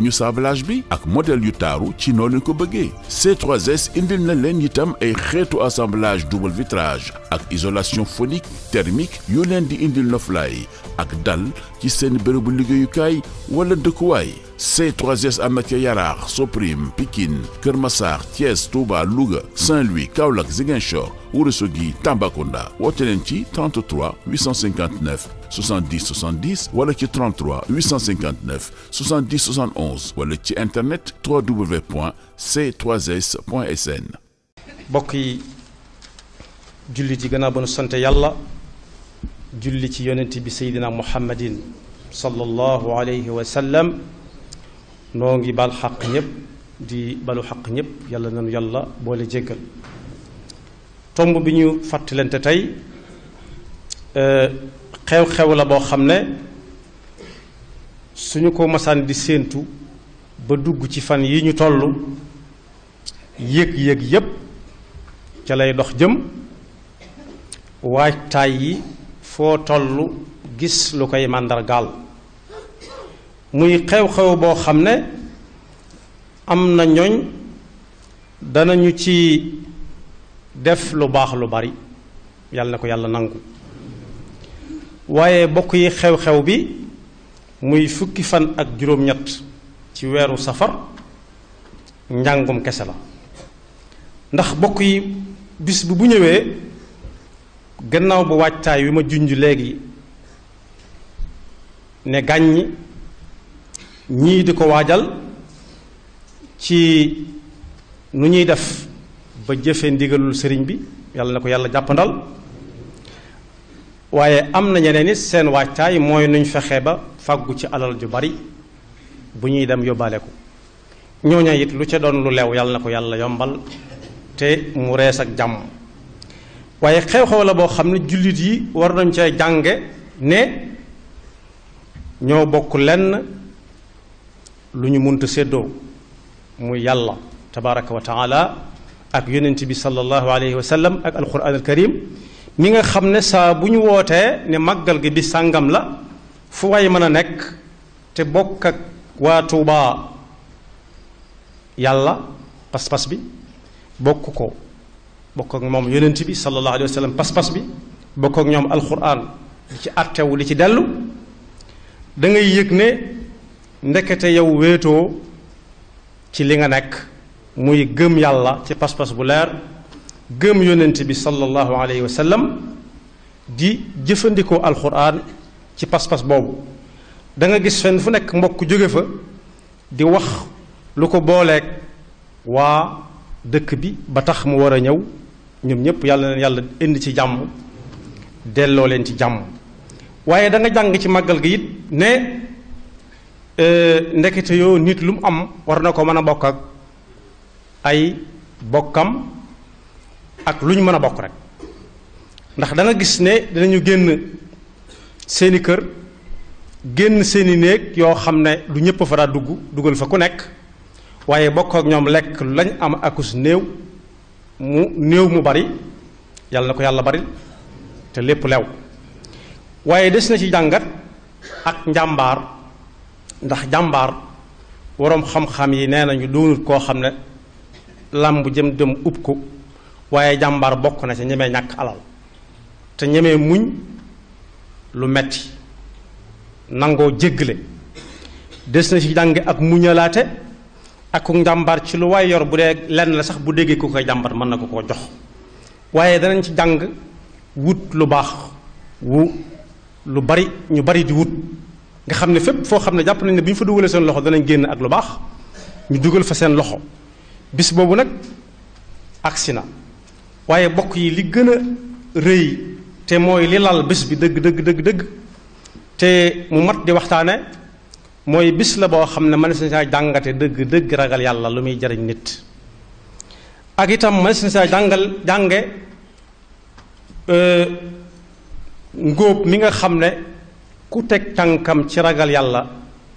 ñu sablage bi ak modèle yu taaru ci noolu noonu ko bëggee c 3 indil na leen itam ay xeetu assemblage double vitrage ak isolation phonique thermique yu leen di indil noflaay ak dal ci seen bërëbu liggéeyukaay wala dëkkuwaay C3S Amathia Yaraar Soprim Pikine Kër Massar Thiès Touba Louga Saint-Louis Kaolack Ziguinchor Ourossogui Tambacounda woote leen ci 33 859 70 wala ci 33 859 70 71 wala ci internet www.c3s.sn. mbokk yi jullit yi gannaaw ba nu sant yàlla. julli ci yonent bi seydina muhammadin sallallahu alayhi wa sallam noo ngi bal xaq ñépp di balu xaq ñépp yàlla nanu yàlla boole jéggal tomb bi ñu fàttalante tey euh, xew-xew la boo xam ne suñu ko masaan di séentu ba dugg ci fan yi ñu tollu yëg-yëg yëpp ca lay dox jëm waajtaay yi foo toll gis lu koy màndargaal muy xew-xew boo xam ne am na ñooñ danañu ci def lu baax lu bari yàlla na ko yàlla nangu waaye bokk yi xew-xew bi muy fukki fan ak juróom-ñett ci weeru safar njàngum kese la ndax bokk yi bis bu bu ñëwee gannaaw ba waajtaay wi ma junj léegi ne gàññ ñii di ko waajal ci nu ñuy def ba jëfe ndigalul sëriñ bi yàlla na ko yàlla jàppandal waaye am na ñeneen it seen waajtaay mooy nuñ fexe ba fàggu ci alal ju bari bu ñuy dem yóbbaale ko ñooña it lu ca doon lu leew yàlla na ko yàlla yombal te mu rees ak jàmm waaye xew-xew la boo xam ne jullit yi war nañ cee jànge ne ñoo bokk lenn lu ñu munta séddoo muy yàlla tabaraka wa taala ak yonent bi sallallahu alayhi wa ak alquran al karim mi nga xam ne saa bu ñu wootee ne màggal gi bi sàngam la fu way mën a nekk te bokk ak waa Tuubaa yàlla pas-pas bi bokk ko bokk ak moom yonent bi sallallahu alayhi wa sallam pas-pas bi bokk ak ñoom alquran di ci àttewu di ci dellu da ngay yëg ne ndekete yow wéetoo ci li nga nekk muy gëm yàlla ci pas-pas bu leer gëm yonent bi sallallahu alayhi wa di jëfandikoo alquran ci pas-pas boobu danga gis fenn fu nekk mbokk jóge fa di wax lu ko booleek waa dëkk bi ba tax mu war a ñëw ñoom ñëpp yàlla na yàlla indi ci jàmm delloo leen ci jàmm waaye da jàng ci màggal gi it ne e, ndekete yoo nit lu mu am war na ko mën a bokk ak ay bokkam ak lu ñu mën a bokk rek ndax da gis ne dinañu génn seeni kër génn seeni néeg yoo xam ne du ñëpp fa daa dugg dugal fa ku nekk waaye bokk ak ñoom lekk lañ am akus néew mu néew mu bari yàlla na ko yàlla bari te lépp lew waaye des na ci jàngat ak njàmbaar ndax jàmbaar waroom xam-xam yi nee nañu doonut koo xam ne làmb jëm dem ub ko waaye jàmbaar bokk na ci ñemee ñàkk alal te ñemee muñ lu metti nangoo jéggale des na ci jànge ak muñalaate ak ku njàmbaar ci lu waay yor bu dee lenn la sax bu déggee ku koy jàmbat mën na ko koo jox waaye danañ ci jàng wut lu baax wu lu bari ñu bari di wut nga xam ne fépp foo xam ne jàpp nañ ne bi ñu fa dugalee seen loxo danañ génn ak lu baax ñu dugal fa seen loxo bis boobu nag agsi na waaye bokk yi li gën a rëy te mooy li lal bés bi dëgg dëgg dëgg dëgg te mu mat di waxtaane mooy bis la boo xam ne mënees na saa jàngate dëgg dëgg ragal yàlla lu muy jariñ nit ak itam mënees na saa jàngal jànge euh, ngóob mi nga xam ne ku teg tànkam ci ragal yàlla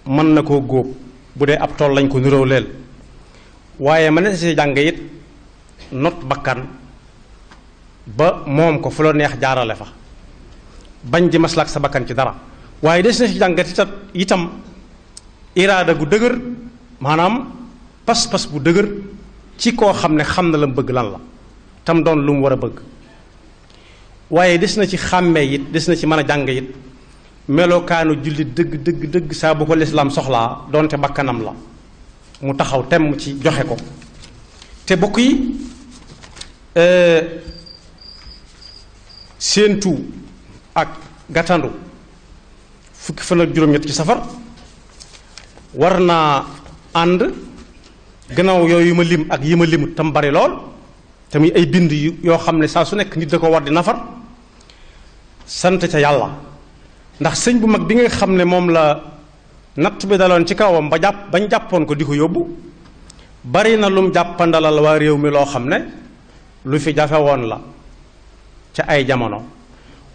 mën na koo góob bu dee ab tool lañ ko niróo leel waaye mënees na saa jànge it not bakkan ba moom ko fu la neex jaarale fa bañ di maslaak sa bakkan ci dara waaye des na si jàngate itam iraada gu dëgër maanaam pas-pas bu dëgër ci koo xam ne xam na la mu bëgg lan la tam doon lu mu war a bëgg waaye des na ci xàmmee it des na ci mën a jàng it melokaanu jullit dëgg dëgg dëgg saa bu ko lislaam soxlaa doonte bakkanam la mu taxaw temm ci joxe ko te bokk yi e, séentu ak gàttandu fukki fan ak juróom-ñett ci safar war naa ànd gannaaw yooyu ma lim ak yi ma limut tam bari lool tamit ay bind yoo xam ne saa su nekk nit da ko war di nafar sant ca yàlla ndax sëñ bu mag bi nga xam ne moom la natt bi daloon ci kawam ba jàpp bañ jàppoon ko di ko yóbbu bari na lum jàppandalal waa réew mi loo xam ne lu fi jafe woon la ca ay jamono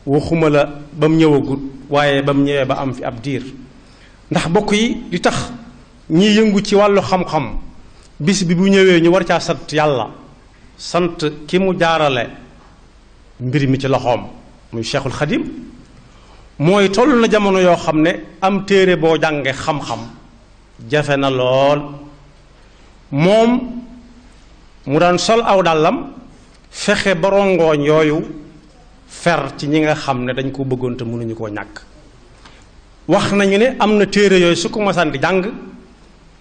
waxuma la ba mu ñëwagut waaye ba mu ñëwee ba am fi ab diir ndax bokk yi li tax ñiy yëngu ci wàllu xam-xam bis bi bu ñëwee ñu war ca sant yàlla sant ki mu jaarale mbir mi ci loxoom muy Cheikhul Khadim mooy toll na jamono yoo xam ne am téere boo jànge xam-xam jafe na lool moom mu daan sol aw dàllam fexe ba rongooñ yooyu fer ci ñi nga xam ne dañ ko bëggoon te mënuñu koo ñàkk wax nañu ne am na téere yooyu su ko masaan di jàng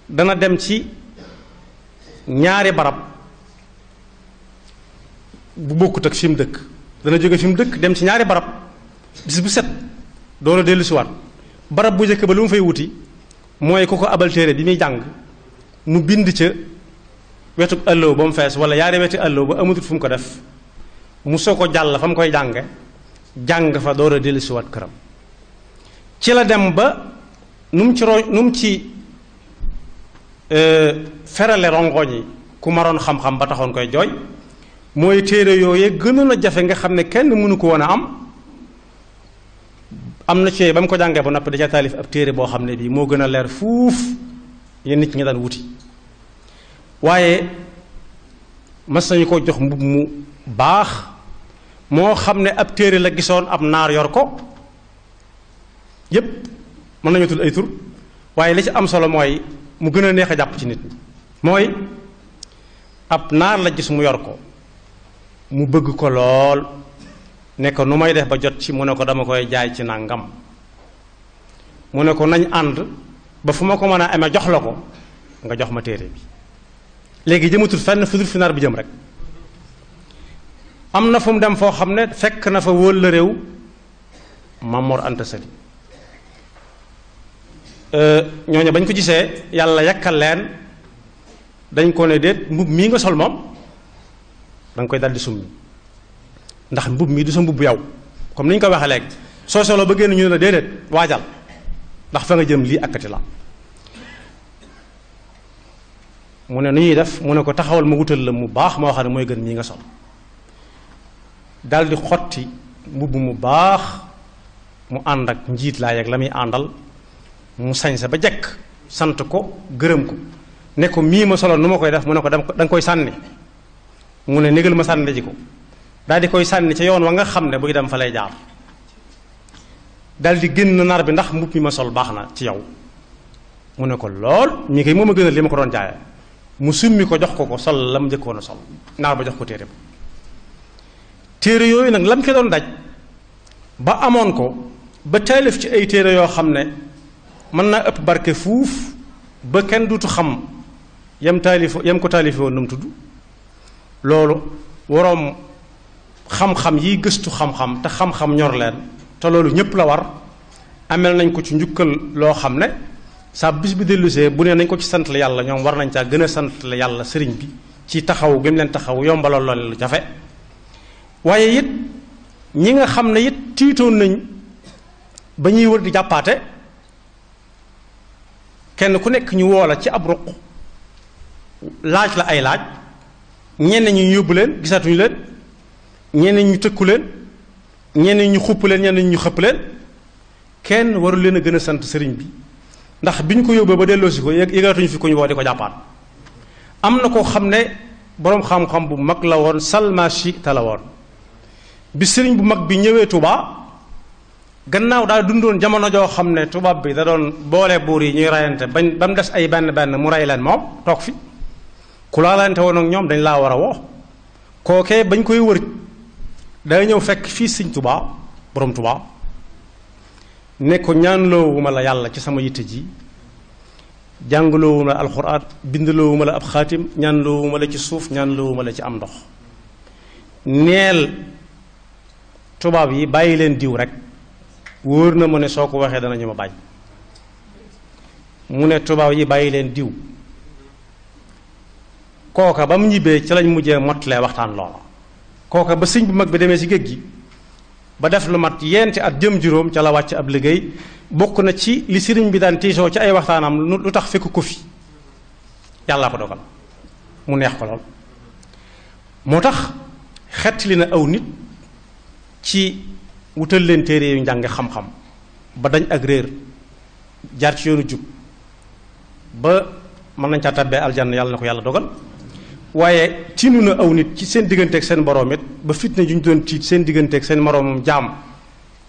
dana dem ci ñaari barab bu bokkut ak fi mu dëkk dana jóge fi mu dëkk dem ci ñaari barab bis bu set doolu dellusiwaat barab bu njëkk ba lu mu fay wuti mooy ku ko abal téere bi muy jàng mu bind ca wetu ëllëw ba mu fees wala yaari wetu ëllëw ba amatul fu ko def mu soo ko jàll fa mu koy jànge jàng fa door a dellusiwaat këram ci la dem ba nu mu ci ro nu mu ci euh, ferale rongoñ yi ku maroon xam-xam ba taxoon koy jooy mooy téere yooyee gënoon na jafe nga xam ne kenn mënu ko woon a am am na ci ba mu ko jàngee ba noppi da ca ab téere boo xam ne bii moo gën a leer fuuf yéen nit ñi daan wuti waaye mas nañu ko jox mbub mu baax moo xam ne ab téere la gisoon ab naar yor ko yépp mën nañu tudd ay tur waaye li ci am solo mooy mu gën a neex a jàpp ci nit mooy ab naar la gis mu yor ko mu bëgg ko lool ne nu may def ba jot ci mu ne ko dama koy jaay ci nàngam mu ne ko nañ ànd ba fu ma ko mën a amee jox la ko nga jox ma téere bi léegi jëmatul fenn fudur fi naar bi jëm rek am na fu mu dem foo xam ne fekk na fa wóol la réew Mamoor Anta Sali Euh, ñooñu bañ ko gisee yàlla yakkal leen dañ ko ne déet mbub mii nga sol moom da nga koy daldi summi ndax mbubb mii du sa mbubb yow comme ni ñu ko waxee léegi soo solo ba génn ñu ne déedéet waajal ndax fa nga jëm lii akkati la mu ne nu ñuy def mu ne ko taxawal ma wutal la mu baax moo xam ne mooy gën mii nga sol daldi xotti mbubb mu baax mu ànd ak njiit laa yeeg la muy àndal mu sañ sa ba jekk sant ko gërëm ko ne ko mii ma solo nu ma koy def mu ne ko ko nga koy sànni mu ne négal ma sànni ji ko daal di koy sànni ca yoon wa nga xam ne buy dem fa lay jaar daal di génn naar bi ndax mbubb mi ma sol baax na ci yow mu ne ko lool ñi koy moom a gënal li ma ko doon jaaye mu summi ko jox ko ko sol la mu njëkkoon a sol naar ba jox ko téere ba téere yooyu nag lam ko doon daj ba amoon ko ba taalif ci ay téere yoo xam ne mën naa ëpp barke fuuf ba kenn duutu xam yam taalif yam ko taalife woon tudd loolu waroom xam-xam yiy gëstu xam-xam te xam-xam ñor leen te loolu ñépp la war amel nañ ko ci njukkal loo xam ne saa bis bi dellusee bu nee nañ ko ci sant la yàlla ñoom war nañ caa gën a sant la yàlla sëriñ bi ci taxaw gi mu leen taxaw yombalal loolu lu jafe waaye it ñi nga xam ne it tiitoon nañ ba ñuy wër di jàppaate kenn ku nekk ñu woo la ci ab ruq laaj la ay laaj ñenn ñu yóbbu leen gisatuñu leen ñenn ñu tëkku leen ñenn ñu xupp leen ñenn ñu xëpp leen kenn waru leen a gën a sant sëriñ bi ndax bi ñu ko yóbbee ba delloosi ko yëgaatuñu fi ko ñu woo di ko jàppaat am na koo xam ne boroom xam-xam bu mag la woon salma shi ta la woon bi sëriñ bu mag bi ñëwee Tuubaa gannaaw daa dundoon jamono joo xam ne tubaab bi da doon boole buur yi ñuy rayante bañ ba des ay benn bànn mu rey leen moom toog fi ku laalante woon ak ñoom dañ laa war a woo kookee bañ koy wër daa ñëw fekk fii sëñ Tuubaa boroom Tuubaa ne ko ñaanloowuma la yàlla ci sama yitte ji jàngloowuma la alxuraan bindloowuma la ab xaatim ñaanloowuma la ci suuf ñaanloowuma la ci am ndox neel tubaab yi bàyyi leen diw rek wóor na ma ne soo ko waxee danañu ma bañ mu ne tubaab yi bàyyi leen diw kooka ba mu ñibbee ci lañ mujjee lay waxtaan loola kooka ba sëñ bu mag bi demee ci géej gi ba def lu mat yenti at jëm juróom ca la wàcc ab liggéey bokk na ci li sëriñ bi daan tiisoo ci ay waxtaanam lu tax fekk ko fi yàllaa ko dogal mu neex ko lool moo tax xettali na aw nit ci wutal leen téere yu njànge xam-xam ba dañ ak réer jaar ci yoonu jub ba mën nañ caa tàbbee aljanna yàlla na ko yàlla dogal waaye tiinu na aw nit ci seen digganteeg seen boroom it ba fitna ju ñu doon tiit seen digganteeg seen moroomam jaam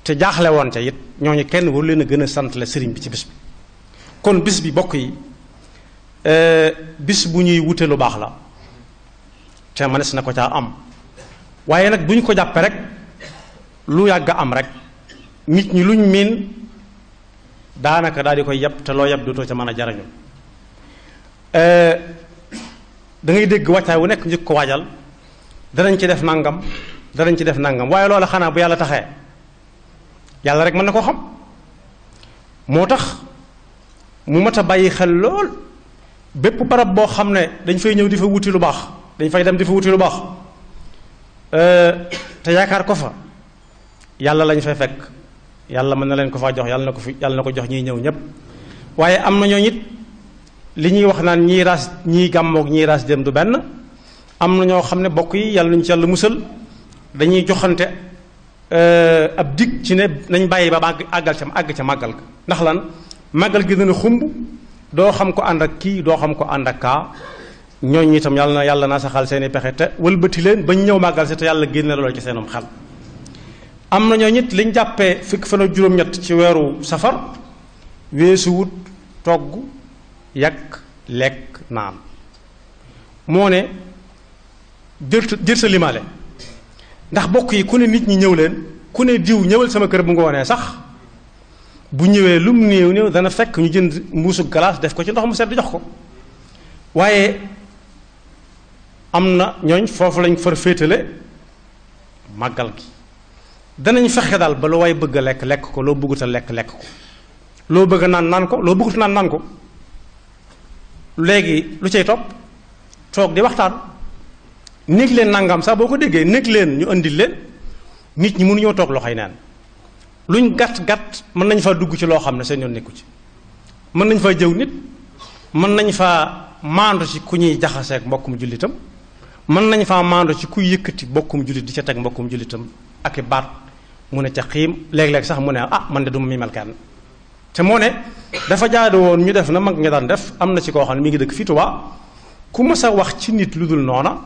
te jaaxle woon ca it ñooñu kenn waru leen a gën a sant la sëriñ bi ci bis bi kon bis bi bokk yi euh, bis bu ñuy wute lu baax la te mënees na ko caa am waaye nag bu ñu ko jàppee rek lu yàgg am rek nit ñi luñ miin daanaka daal di koy yab te loo yab dootoo ca mën a jariñu eh, da ngay dégg wàccaay wu nekk njëkk ko waajal danañ ci def nangam danañ ci def nangam waaye loola xanaa bu yàlla taxee yàlla rek mën na koo xam moo tax mu mat a bàyyi xel lool bépp barab boo xam ne dañ fay ñëw di fa wuti lu baax dañ fay dem di fa wuti lu baax eh, te yaakaar ko fa yàlla lañu fay fekk yàlla mën na leen ko faa jox yàlla na ko fi yàlla ko jox ñiy ñëw ñëpp waaye am na ñooñu it li ñuy wax naan ñii ras ñii gàmmoog ñii ras dem du benn am na ñoo xam ne bokk yi yàlla nañu ci yàlla musal dañuy joxante euh, ab dig ci ne nañ bàyyi ba àggal ca àgg ca màggal ka ndax lan màggal gi dana xumb doo xam ko ànd ak kii doo xam ko ànd ak kaa ñooñu itam yàlla na yàlla naa saxal seen i pexe te wëlbati leen bañ ñëw màggal si te yàlla génne loolu ci seenum xel am na ñoo ñit liñ jàppee fukk fan ak juróom-ñett ci weeru safar weesu togg yàq lekk naan moo ne jër jër sa limaale ndax bokk yi ku ne nit ñi ñëw leen ku ne diw ñëwal sama kër bu ngoonee sax bu ñëwee mu néew néew dana fekk ñu jënd mbuusu galaas def ko ci ndox mu sedd jox ko waaye am na ñooñ foofu lañ far féetale màggal gi danañ fexe daal ba lu waay bëgg lekk lekk ko loo bëggut lekk lekk ko loo bëgg naan naan ko loo bëggut naan naan ko léegi lu cay topp toog di waxtaan néeg leen nangam sax boo ko déggee néeg leen ñu andil leen nit ñi mënuñoo toog loxoy neen luñ gàtt gàtt mën nañ faa dugg ci loo xam ne seen yoon nekku ci mën nañ faa jëw nit mën nañu faa maandu ci ku ñuy jaxaseeg mbokkum jullitam mën nañ faa maandu ci kuy yëkkati mbokkum jullit di ca teg mbokkum jullitam ak i baat mu ne ca xiim léeg-léeg sax mu ne ah man de du ma miimal kenn te moo ne dafa jaadu woon ñu def na mag nga daan def am na ci koo xam ne mi ngi dëkk fii Tuubaa ku mës a wax ci nit lu dul noona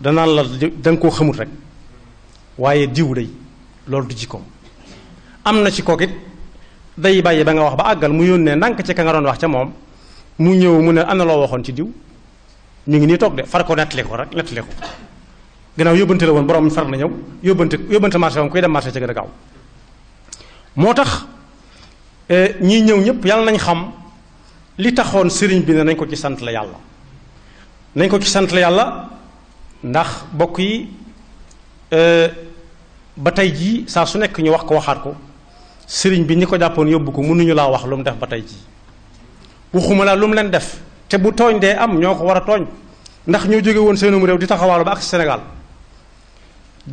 danaan la da koo xamut rek waaye diw day loolu du jikkoom am na ci kook day bàyyi ba nga wax ba àggal mu yónnee ndànk ci ka nga doon wax ca moom mu ñëw mu ne na loo waxoon ci diw ñu ngi nii toog de far ko nettali ko rek nettali ko gannaaw yóbbante la woon borom far na ñëw yóbbante yóbbante marché woon kuy dem marché ca gën a gaaw moo tax eh, ñii ñëw ñëpp yàlla nañ xam li taxoon sëriñ bi ne nañ ko ci sant la yàlla ko ci sant yàlla ndax bokk yi eh, ba tey jii saa su nekk ñu wax ko waxaat ko sëriñ bi ñi ko jàppoon yóbbu ko mënuñu laa wax lu mu def ba tey jii waxuma laa lu mu leen def te bu tooñ dee am ñoo ko war a tooñ ndax ñoo jóge woon seenum réew di taxawaalu ba ak Sénégal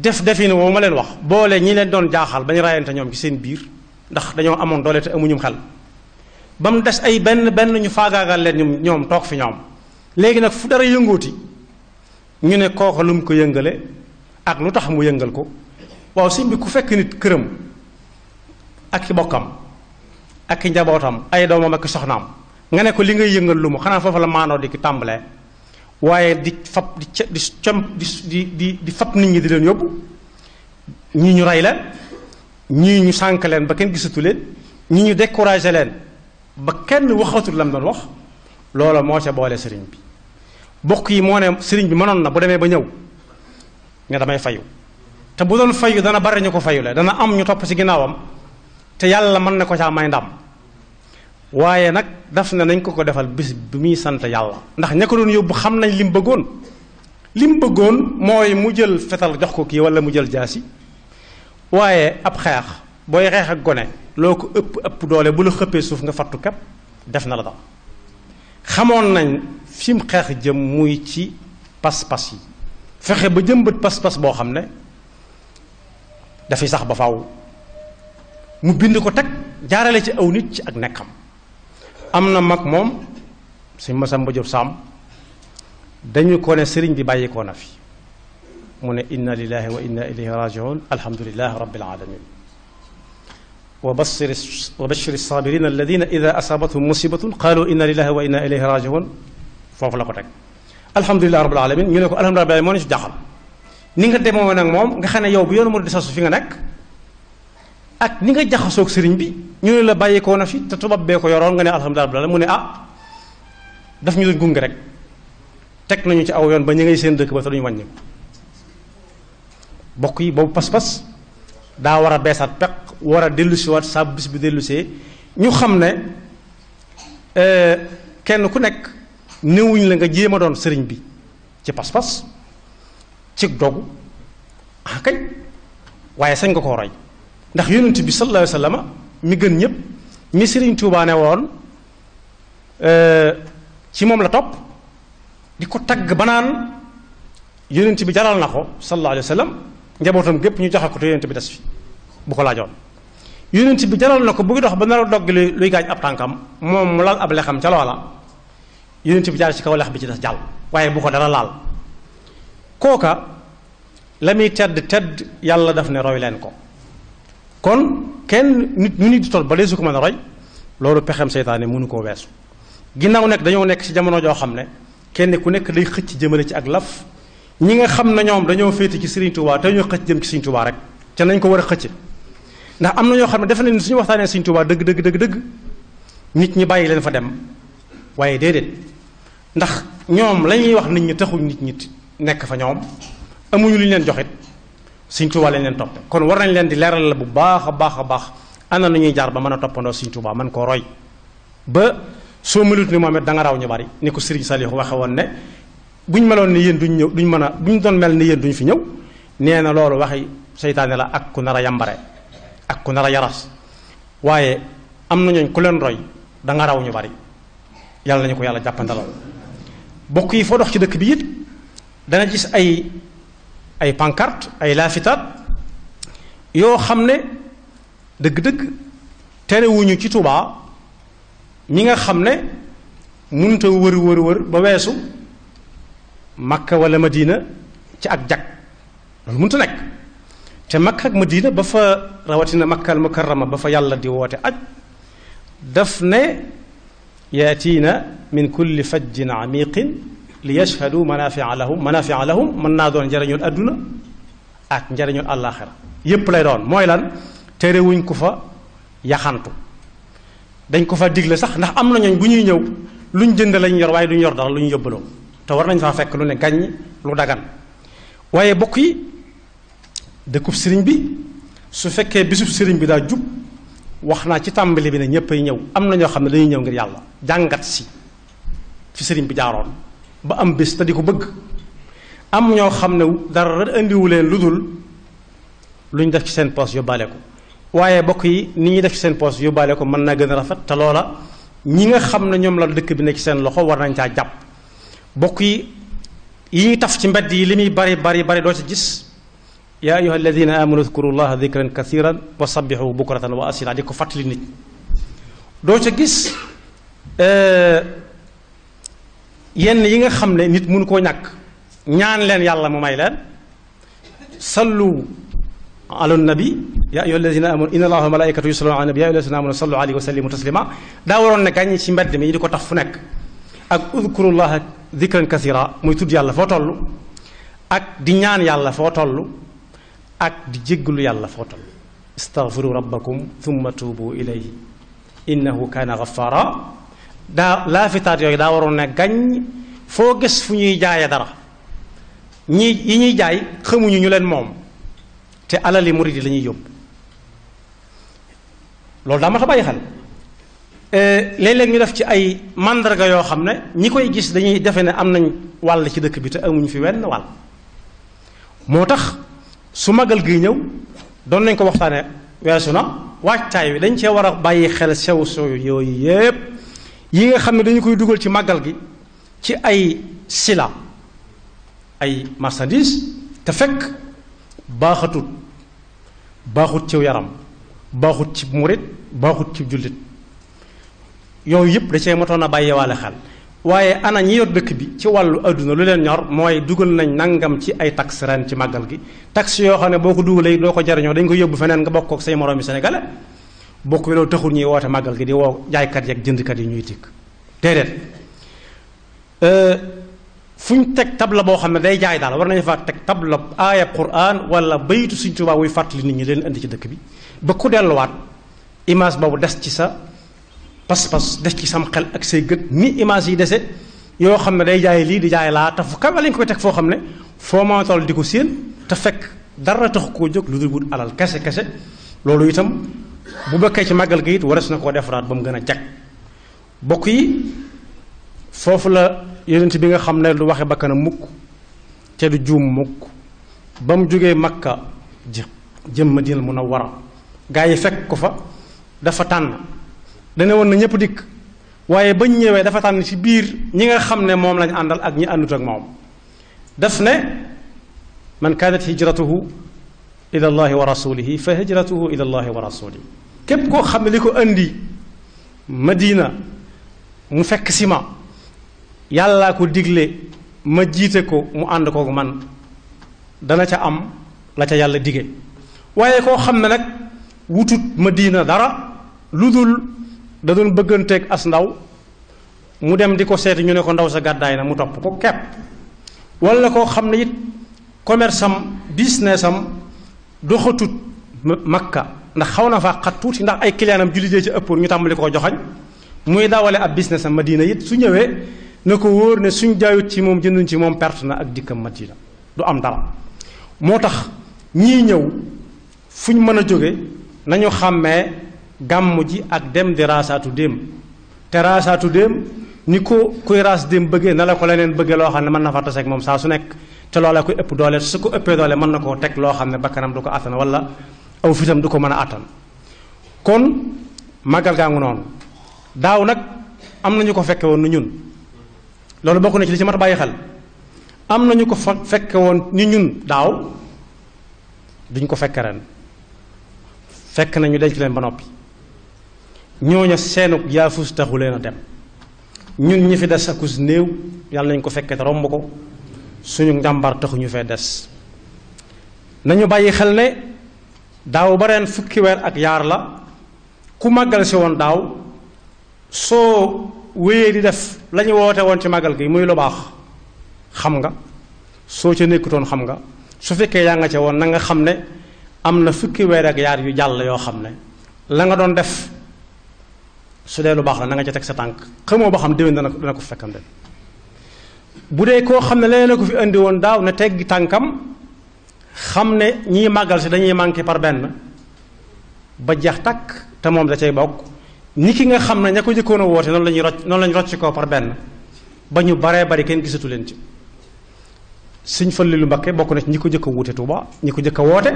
def defin woo ma leen wax boole ñi leen doon jaaxal bañ raayante ñoom ci seen biir ndax dañoo amoon doole te amuñum xel ba mu des ay benn benn ñu faagaagal leen ñoom ñoom toog fi ñoom léegi nag fu dara yëngooti ñu ne kooku lu mu ko yëngale ak lu tax mu yëngal ko waaw sëñ ku fekk nit këram ak ki bokkam ak i njabootam ay doomam ak soxnaam nga ne ko li ngay yëngal lu mu xanaa foofu la maanoo di ki tàmbalee waaye di fab di di com di di di fab nit ñi di leen yóbbu ñii ñu rey leen ñii ñu sànk leen ba kenn gisatu leen ñii ñu découragé leen ba kenn waxatul lam doon wax loola moo ca boole sëriñ bi bokk yi moo ne sëriñ bi mënoon na bu demee ba ñëw ne damay fayu te bu doon fayu dana bari ñu ko fayule dana am ñu topp ci ginnaawam te yàlla mën na ko caa may ndam waaye nag daf na nañ ko ko defal bis bi muy sant yàlla ndax ña ko doon yóbbu xam nañ lim bëggoon lim bëggoon mooy mu jël fetal jox ko kii wala mu jël jaasi waaye ab xeex booy xeex ak gone loo ko ëpp ëpp doole bu la xëppee suuf nga fattu kepp def na la dal xamoon nañ fi xeex jëm muy ci pas-pas yi fexe ba jëmbat pas-pas boo xam ne dafay sax ba faw mu bind ko teg jaarale ci aw nit ci ak nekkam am na mag moom suñ Masamba Jóob Sàmm dañu ko ne sëriñ bi bàyyi ko na fi mu ne inna lillahi wa inna ilayhi rajiun alhamdulilahi rabbil alamin wa bassir wa bashir sabirina alladina ida asabathum musibatun qalu inna lillahi wa inna ilayhi rajiun foofu la ko teg alhamdulilahi rabbil alamin ñu ne ko alhamdulilahi moo ne ci jaaxal ni nga demoon ak moom nga xam ne yow bu yoonu mu di sasu fi nga nekk ak ni nga jaxasoog sëriñ bi ñu ne la bàyyeekoo na fi te tubaab bee ko yoroon nga ne alhamdulilah mu ne ah daf ñu doon gunge rek teg nañu ci aw ba ñu ngay seen dëkk ba te duñu wàññi bokk yi boobu pas-pas daa war a beesaat peq war a dellusiwaat saa bis bi dellusee ñu xam ne euh, kenn ku nekk néewuñ la nga jéem a doon sëriñ bi ci pas-pas ci dogu ah kañ waaye sañ nga koo roy ndax yonent bi sallallahu alayhi wa sallam mi gën ñëpp mi Sëriñ Tuubaa woon euh, ci moom la topp di ko tagg ba naan yonent bi jaral na ko sallallahu alayhi wa njabootam gépp ñu joxe ko te yonent bi des fi bu ko laajoon. yonent bi jaral na ko bu dox ba nar a dogg luy gaañ ab tànkam moom mu lal ab lexam ca loola yonent bi jaar ci kaw lex bi ci des jàll waaye bu ko dara laal kooka la muy tedd tedd yàlla def ne roy leen ko. kon kenn nit ñu nit di tol ba léegi ko man a roy loolu pexem seytaane mënu koo weesu ginnaaw nekk dañoo nekk ci jamono joo xam ne kenn ku nekk day xëcc jëmale ci ak laf ñi nga xam ne ñoom dañoo féete ci Serigne Touba te ñoo xëcc jëm ci Serigne rek te nañ ko war a xëcc ndax am na ñoo xam ne defe nañ suñu waxtaanee Serigne Touba dëgg dëgg dëgg dëgg nit ñi bàyyi leen fa dem waaye déedéet ndax ñoom lañuy wax nit ñi taxul nit ñi nekk fa ñoom amuñu lu leen joxit Sëñ Tuubaa lañ leen toppe kon war nañ leen di leeral la bu baax a baax a baax na ñuy jaar ba mën a toppandoo Sëñ Tuubaa man koo ba soo melut ni moom it da nga raw ñu bari ni ko Sëriñ Saliou waxe woon ne buñ meloon ni yéen duñ ñëw duñ mën a buñ doon mel ni yéen duñ fi ñëw nee na loolu waxi seytaane la ak ku nar a yambare ak ku nar yaras waaye am na ñooñ ku leen roy da nga raw ñu bari yàlla nañu ko yàlla jàppandalal bokk yi foo dox ci dëkk bi it dana gis ay ay pancarte ay laafitaat yoo xam ne dëgg-dëgg terewuñu ci Touba ñi nga xam ne mënuta wër wër wër ba weesu Makka wala Madina ci ak jag loolu mënta nekk te Makka ak Madina ba fa rawatina Makka al mukarrama ba fa yàlla di woote aj daf ne yaatiina min kulli fajjin amiqin li yashhadu manafia lahum manafia lahum mën naa doon njariñul adduna ak njariñoo àllaaxira yépp lay doon mooy lan terewuñ ko fa yaxantu dañ ko fa digle sax ndax am na ñooñ bu ñuy ñëw luñ jënd lañ yor waaye duñu yor dara luñ yóbbaloo te war nañ a fekk lu ne gàññ lu dagan waaye bokk yi dëkkub sëriñ bi su fekkee bisub sëriñ bi daa jub wax naa ci tàmbali bi ne ñëpp ay ñëw am na ñoo xam ne dañuy ñëw ngir yàlla jàngat si fi sëriñ bi jaaroon ba am bés te di ko bëgg am ñoo xam ne dara indiwu leen lu dul lu ñu def ci seen poos yóbbaale ko waaye bokk yi ni ñuy def ci seen poos yóbbaale ko mën naa gën a rafet te loola ñi nga xam ne ñoom la dëkk bi ne ci seen loxo war nañ caa jàpp bokk yi yi ñuy taf ci mbedd yi li muy bari bari bari doo ci gis yaa ayyuha alladina amanu dhkuru llaha dhikran kathiran wa sabbihu bukratan wa asila di ko fàttali nit doo ca gis eh, yenn yi nga xam ne nit mënu koo ñàkk ñaan leen yàlla mu may leen sallu ala nabi ya ayyuha allazina amanu inna allaha wa malaikatahu yusalluna ala nabi ya ayyuha allazina sallu alayhi wa daa waroon ne gàññ ci mbedd mi ñu di ko tax fu nekk ak udkurullaha dikran kasira muy tudd yàlla foo toll ak di ñaan yàlla foo toll ak di jéggalu yàlla foo toll istaghfiru rabbakum thumma tubu ilayhi innahu kana daa laafitaat yooyu daa waroon ne gañ foo gis fu ñuy jaayee dara ñi yi ñuy jaay xamuñu ñu leen moom te alali murid yi la yóbbu loolu daa mat a bàyyi xel euh, léeg ñu def ci ay màndarga yoo xam ne ñi koy gis dañuy defe ne am nañ wàll ci dëkk bi te amuñu fi wenn wàll moo tax su magal gi ñëw doon nañ ko waxtaane weesu na waajtaay wi dañ cee war a bàyyi xel sew sew yooyu yépp yi nga xam ne dañu koy dugal ci màggal gi ci ay sila ay marchandise te fekk baaxatut baaxut ci yaram baaxut ci murit baaxut ci jullit yooyu yëpp da cee motoon a bàyyewaale xel waaye ana ñi yor dëkk bi ci wàllu adduna lu leen ñor mooy dugal nañ nangam ci ay tax ren ci màggal gi tax yoo xam ne boo ko dugalee doo ko jariñoo dañ ko yóbbu feneen nga bokk ak say moroomi sénégalais bokk wi loolu taxul ñuy woote màggal gi di woo jaaykat yeeg jëndkat yi ñuy tikk déedéet euh, fu ñu teg tabla boo xam ne day jaay daal war nañu faa teg tabla aaya quran wala baytu Sëriñ Tuubaa wuy fàttali nit ñi leen indi ci dëkk bi ba ku delluwaat image boobu des ci sa pas-pas des ci sam xel ak say gët ni image yi dese yoo xam ne day jaay lii di jaay laa te fu kawe lañ koy teg foo xam ne foo mën a di ko séen te fekk dara tax koo jóg lu alal kese kese bu bakkee ci màggal gi it waras na koo defaraat ba mu gën a jag bokk yi foofu la yonent bi nga xam ne du waxe bakkanam mukk te du juum mukk ba mu jógee makka jëm Madina wara gaa yi fekk ko fa dafa tànn dane woon na ñëpp dikk waaye bañ ñëwee dafa tànn ci biir ñi nga xam ne moom lañ àndal ak ñi àndut ak moom daf ne man kaanat hijratuhu ila allahi wa rasulihi fa hijratuhu ila allahi wa rasulihi képp koo xam ne li ko indi Madina mu fekk si ma yàllaa ko digle ma jiite ko mu ànd kook man dana ca am la ca yàlla dige waaye koo xam ne nag wutut Madina dara lu dul da doon bëgganteeg as ndaw mu dem di ko seeti ñu ne ko ndaw sa gàddaay na mu topp ko kepp walla koo xam ne it commerce am business am doxatut Makka ndax xaw na faa xat tuuti ndax ay clientam jullit yi ci ëppoon ñu tàmbali ko joxañ muy dawale ab business am diina it su ñëwee na ko wóor ne suñ jaayut ci moom jënduñ ci moom perte na ak dikkam Madina du am dara moo tax ñii ñëw fuñ mën a jóge nañu xàmmee gàmm ji ak dem di raasaatu déem te raasaatu déem ni ko kuy raas déem bëggee na la ko leneen bëggee loo xam ne mën na fa taseeg moom saa su nekk te loola koy ëpp doole su ko ëppee doole mën na koo teg loo xam ne bakkanam du ko attan wala aw fitam du ko mën a àttan kon màggal gaa ngu noonu daaw nag am na ñu ko fekkee woon ni ñun loolu bokk na li ci mat bàyyi xel am na ko fa fekke woon ni ñun daaw duñ ko fekkee ren fekk nañu denc leen ba noppi ñooña seenu yaafus taxu leen a dem ñun ñi fi des akus néew yàlla nañ ko fekkee te romb ko suñu njàmbaar taxu ñu fee des nañu bàyyi xel ne daaw ba ren fukki weer ak yaar la ku màggal si woon daaw soo wéyee di def la woote woon ci màggal gi muy lu baax xam nga soo ca nekkutoon xam nga su fekkee yaa nga ca woon na nga xam ne am na fukki weer ak yaar yu jàll yoo xam ne la nga doon def su dee lu baax la na ca teg sa tànk xamoo ba xam déwén dana dana ko fekkam de bu dee koo xam ne leneen a ko fi indi woon daaw na teggi tànkam xam ne ñi màggal si dañuy manqué par benn ba jeex takk te moom da cay bokk ni ki nga xam ne ña ko jëkkoon a woote noonu la ñuy rocc noonu la ñu rocc koo par benn ba ñu baree bari kenn gisatu leen ci suñ lu Mbakke bokk na ci ñi ko jëkk a wuute Tuuba ñi ko jëkk a woote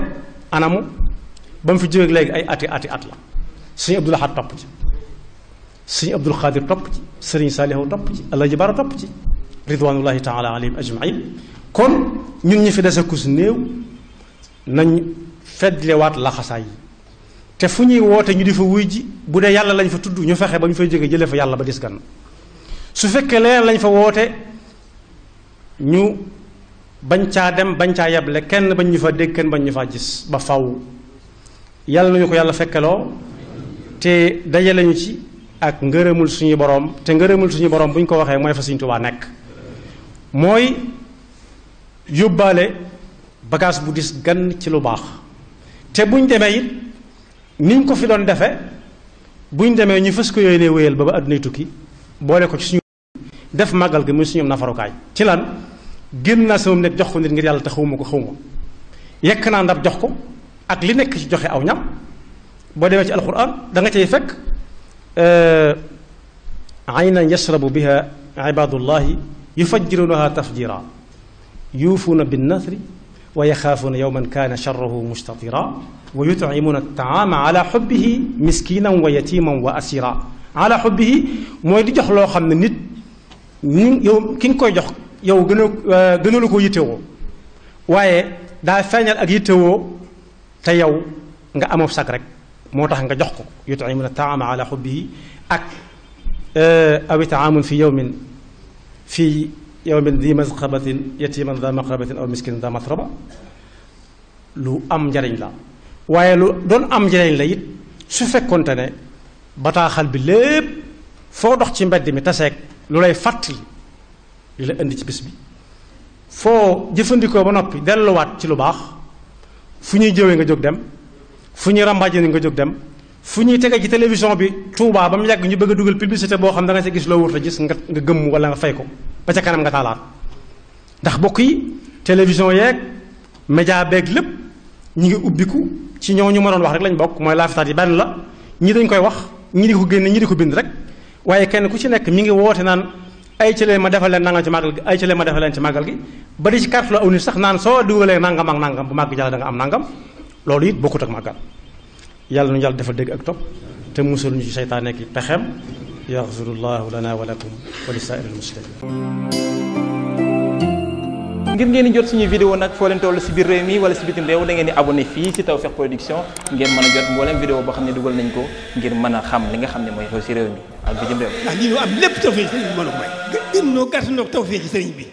anamu ba mu fi jógee léegi ay ati ati at la suñu Abdul Ahad topp ci suñ Abdul Xaadir topp ci sëriñ Saalihu topp ci Alaaji Bara topp ci ridwanullahi taala alayhim ajmain kon ñun ñi fi dese ku si néew nañ fedlewaat laxasaay te fu ñuy woote ñu di fa wuy ji bu dee yàlla lañ fa tudd ñu fexe ba ñu fay jóge jëlee fa yàlla ba des gan su fekkee leneen lañ fa woote ñu bañ caa dem bañ caa yeble kenn bañ ñu fa dégg bañ ñu fa gis ba faw yàlla nañu ko yàlla fekkeloo te daje lañu ci ak ngërëmul suñu borom te ngërëmul suñu borom bu ñu ko waxee mooy fa Sëriñ Tuubaa nekk mooy yóbbaale bagage bu dis gan ci lu baax te buñ demee it niñ ko fi doon defe buñ demee ñu fës ko yooyu ne wéyal ba ba àddunay tukki boole ko ci suñu def màggal gi muy suñu nafarukaay ci lan génn naa sama nekk jox ko nit ngir yàlla te xawma ko xawma yekk naa ndab jox ko ak li nekk ci joxe aw ñam boo demee ci alquran da nga cay fekk eh, aynan yashrabu biha ibadullahi yufajjirunaha tafjira yuufuuna binnasri wa yaxaafuuna yowman kaana charruhu mustatira wa yutcimuuna ataama ala xubbihi miskiinan wa yatiiman wa asira ala xubbihi mooy di jox loo xam ne nit ñi yow ki nga koy jox yow gën a euh, gënalu ko yittewoo waaye daa feeñal ak yittewoo te yow nga amof sag rek moo tax nga jox ko yutcimuuna taama ala xubbihi ak euh, aw itaamun fi yowmin fii yawmin di masxabatin yatiman da maqrabatin aw miskin da matraba lu am njariñ la waaye lu doon am njariñ la it su fekkoonte ne bataaxal bi lépp foo dox ci mbedd mi taseeg lu lay fàttali li la indi ci bis bi foo jëfandikoo ba noppi delluwaat ci lu baax fu ñuy jëwee nga jóg dem fu ñuy ràmbaaje nga jóg dem fu ñuy tege ci télévision bi Touba ba mu yàgg ñu bëgg a dugal publicité boo xam da nga ci gis loo wut a gis nga nga gëmm wala nga fay ko ba ca kanam nga taalaat ndax bokk yi télévision yeeg média beeg lépp ñi ngi ubbiku ci ñoo ñu ma doon wax rek lañ bokk mooy laafitaat yi benn la ñi dañ koy wax ñi di ko génne ñi di ko bind rek waaye kenn ku ci nekk mi ngi woote naan ay ci leen ma defal leen nangam ci màggal gi ay ci leen ma defal leen ci màggal gi ba di ci carte la aw nit sax naan soo dugalee nangam ak nangam bu màgg jàll danga am nangam loolu it bokkut ak màggal yàlla nu yàlla defal dégg يغفر الله لنا ولكم ولسائر المسلمين ngir ngeen di jot suñu vidéo nag foo leen toll si biir réew mi wala si bitim réew da ngeen di abonné fii si Tawfekh Production ngeen mën a jot mboolem vidéo boo xam ne dugal nañ ko ngir mën a xam li nga xam ne mooy xew si réew mi ak bitim réew. ndax lii am lépp Tawfekh sëriñ a may. gën noo sëriñ bi.